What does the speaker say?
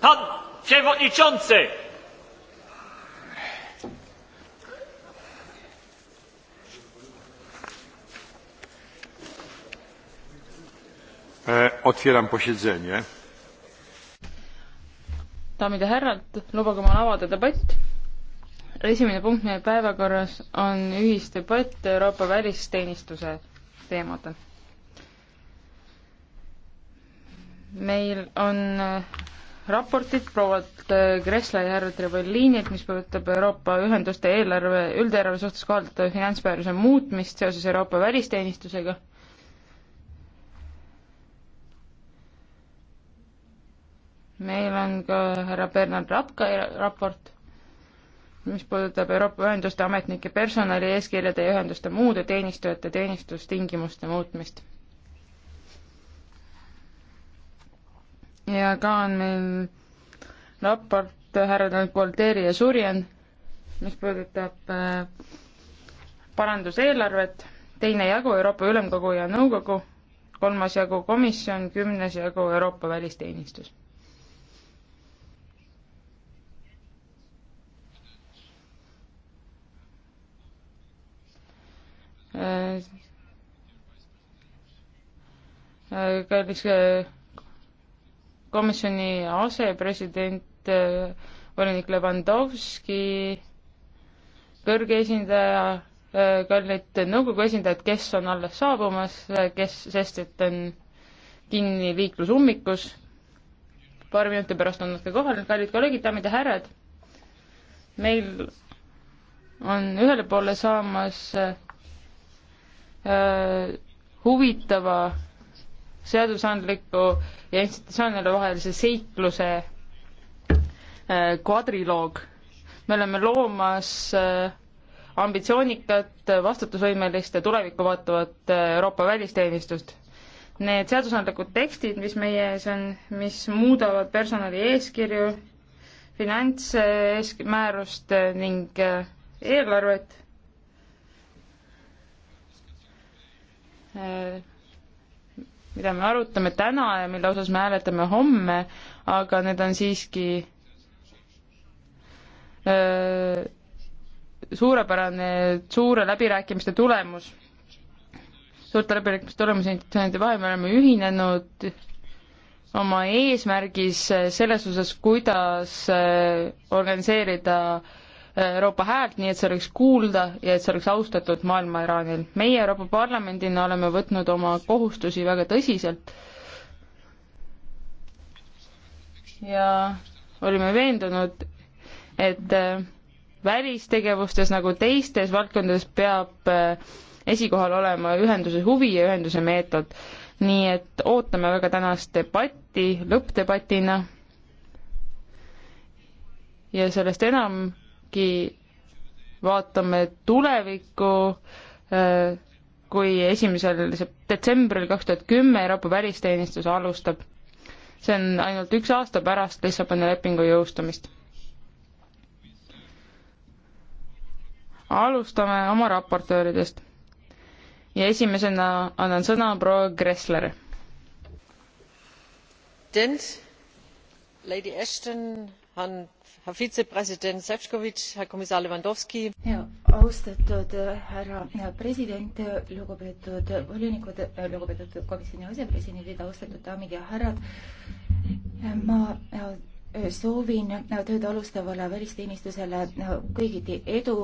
Pan Przewodniczący! E, otwieram posiedzenie. daamid ja härrad, lubage mul avada debatt. esimene punkt meie päevakorras on ühisdebatt Euroopa välisteenistuse teemadel. meil on raportit proualt äh, Kressla ja härra Trevellinilt, mis puudutab Euroopa Ühenduste eelarve, üldeelarve suhtes kohaldatava finantsmääruse muutmist seoses Euroopa välisteenistusega. meil on ka härra Bernard Rapka e-, raport, mis puudutab Euroopa Ühenduste ametnike personali eeskirjade ja ühenduste muude teenistujate teenistustingimuste muutmist ja ka on meil raport härradelt Gualteri ja Surjan, mis puudutab äh, paranduseelarvet, teine jagu Euroopa Ülemkogu ja Nõukogu, kolmas jagu komisjon, kümnes jagu Euroopa Välisteenistus. Äh, äh, kallis äh, äh, komisjoni asepresident äh, volinik Levandovski, kõrge esindaja, äh, kallid nõukogu esindajad, kes on alles saabumas, äh, kes, sest et on kinni liiklusummikus, paari minuti pärast on nad ka kohal, kallid kolleegid, daamid ja härrad, meil on ühele poole saamas äh, huvitava seadusandliku ja institutsioonide vahelise seikluse äh, kvadriloog. me oleme loomas äh, ambitsioonikat, vastutusvõimelist ja tulevikku vaatavat äh, Euroopa välisteenistust. Need seadusandlikud tekstid, mis meie ees on, mis muudavad personali eeskirju, finantseeskmäärust ning eelarvet, mida me arutame täna ja mille osas me hääletame homme, aga need on siiski öö, suurepärane, suure läbirääkimiste tulemus. suurte läbirääkimiste tulemus institutsioonide vahel, me oleme ühinenud oma eesmärgis selles osas, kuidas organiseerida öö, Euroopa häält, nii et see oleks kuulda ja et see oleks austatud maailma Iraanil. meie Euroopa Parlamendina oleme võtnud oma kohustusi väga tõsiselt ja olime veendunud, et äh, välistegevustes nagu teistes valdkondades peab äh, esikohal olema ühenduse huvi ja ühenduse meetod. nii et ootame väga tänast debatti lõppdebatina ja sellest enam äkki vaatame tulevikku, äh, kui esimesel detsembril kaks tuhat kümme Euroopa välisteenistus alustab. see on ainult üks aasta pärast Lissaboni lepingu jõustumist. alustame oma raportööridest ja esimesena annan sõna proua Gressler. Lady Ashton herr vizepräsident efovi herr kommissar lewandowski! austatud äh, härra äh, president äh, lugupeetud volinikud lugupeetud komisjoni asepresidendid austatud daamid ja härrad! ma soovin tööd alustavale välisteenistusele kõigiti edu.